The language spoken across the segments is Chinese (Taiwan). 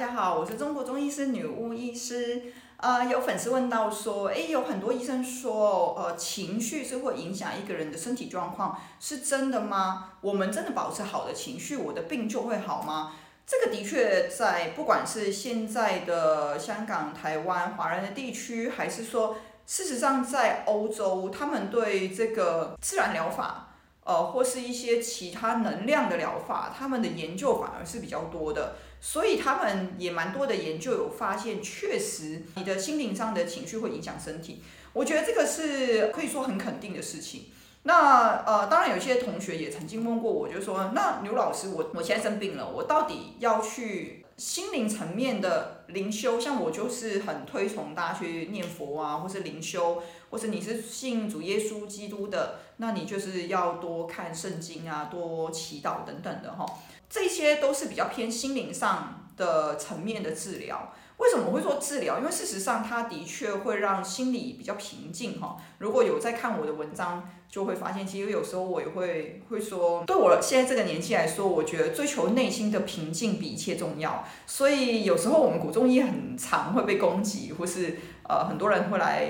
大家好，我是中國中醫師女巫醫師。呃，有粉絲問到說，誒，有很多醫生說，呃，情緒是會影響一個人的身體狀況，是真的嗎？我們真的保持好的情緒，我的病就會好嗎？這個的確在，不管是現在的香港、台灣、華人的地區，還是說，事實上在歐洲，他們對這個自然療法。呃，或是一些其他能量的療法，他們的研究反而是比較多的，所以他們也蠻多的研究有發現，確實，你的心靈上的情緒會影響身體，我覺得這個是可以說很肯定的事情。那呃，當然有些同學也曾經問過我，就說，那劉老師，我我現在生病了，我到底要去心靈層面的？靈修，像我就是很推崇大家去念佛啊，或是靈修，或者你是信主耶穌基督的，那你就是要多看聖經啊，多祈禱等等的哈，這些都是比較偏心靈上的層面的治療。為什麼會做治療？因為事實上，它的確會讓心理比較平靜哈、哦。如果有在看我的文章，就會發現，其實有時候我也會會說，對我現在這個年紀來說，我覺得追求內心的平靜比一切重要。所以有時候我們古中醫很常會被攻擊，或是呃很多人會來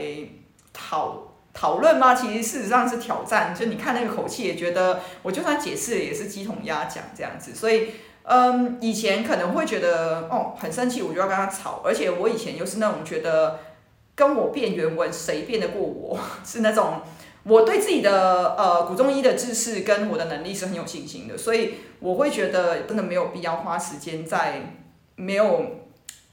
討討論嘛。其實事實上是挑戰，就你看那個口氣，也覺得我就算解釋也是雞同鴨講這樣子。所以。嗯，以前可能會覺得哦，很生氣，我就要跟他吵。而且我以前又是那種覺得跟我辯原文誰辯得過我，是那種我對自己的呃古中醫的知識跟我的能力是很有信心的，所以我會覺得真的沒有必要花時間在沒有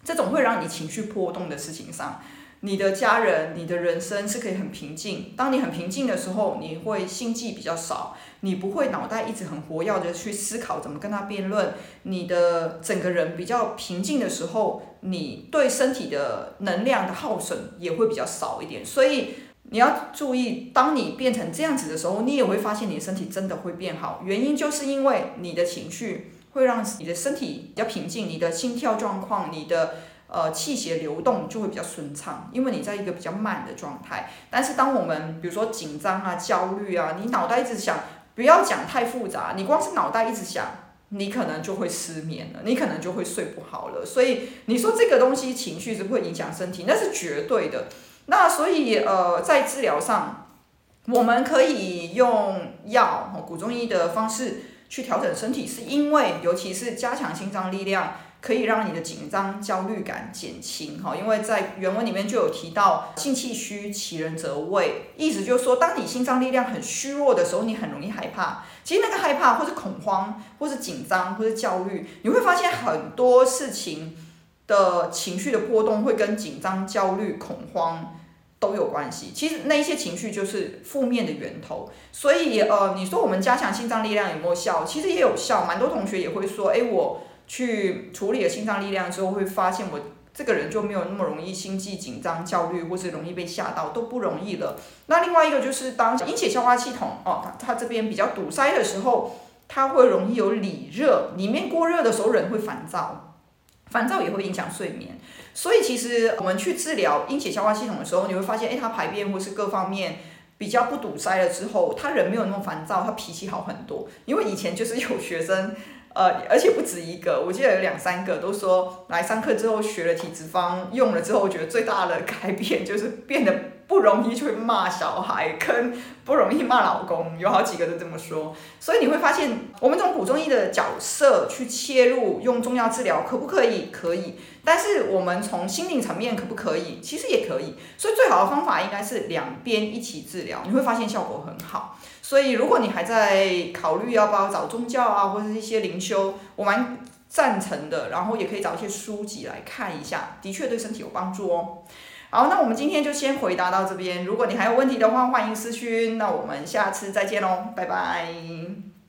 這種會讓你情緒波動的事情上。你的家人，你的人生是可以很平靜。當你很平靜的時候，你會心悸比較少，你不會腦袋一直很活躍的去思考怎麼跟他辯論。你的整個人比較平靜的時候，你對身體的能量的耗損也會比較少一點。所以你要注意，當你變成這樣子的時候，你也會發現你的身體真的會變好。原因就是因為你的情緒會讓你的身體比較平靜，你的心跳狀況，你的。呃，氣血流動就會比較順暢，因為你在一個比較慢的狀態。但是，當我們比如說緊張啊、焦慮啊，你腦袋一直想，不要講太複雜，你光是腦袋一直想，你可能就會失眠了，你可能就會睡不好了。所以，你說這個東西情緒是不會影響身體？那是絕對的。那所以，呃，在治療上，我們可以用藥、古中醫的方式去調整身體，是因為尤其是加強心臟力量。可以讓你的緊張、焦慮感減輕，哈，因為在原文裡面就有提到“心氣虛，其人則畏”，意思就是說，當你心臟力量很虛弱的時候，你很容易害怕。其實那個害怕，或是恐慌，或是緊張，或是焦慮，你會發現很多事情的情緒的波動會跟緊張、焦慮、恐慌都有關係。其實那一些情緒就是負面的源頭。所以，呃，你說我們加強心臟力量有沒有效？其實也有效，蠻多同學也會說，哎、欸，我。去處理了心臟力量之後，會發現我這個人就沒有那麼容易心悸、緊張、焦慮，或是容易被嚇到都不容易了。那另外一個就是當陰血消化系統哦，它這邊比較堵塞的時候，它會容易有裡熱，裡面過熱的時候人會煩躁，煩躁也會影響睡眠。所以其實我們去治療陰血消化系統的時候，你會發現，哎、欸，他排便或是各方面比較不堵塞了之後，他人沒有那麼煩躁，他脾氣好很多。因為以前就是有學生。呃，而且不止一個，我記得有兩三個都說來上課之後學了體質方，用了之後，我覺得最大的改變就是變得，不容易去會罵小孩，跟不容易罵老公，有好幾個都這麼說。所以你會發現，我們從古中醫的角色去切入，用中藥治療可不可以？可以。但是我們從心靈層面可不可以？其實也可以。所以最好的方法應該是兩邊一起治療，你會發現效果很好。所以如果你還在考慮要不要找宗教啊，或者是一些靈修，我蠻贊成的。然後也可以找一些書籍來看一下，的確對身體有幫助哦。好，那我們今天就先回答到這邊。如果你還有問題的話，歡迎私訊。那我們下次再見嘍，拜拜。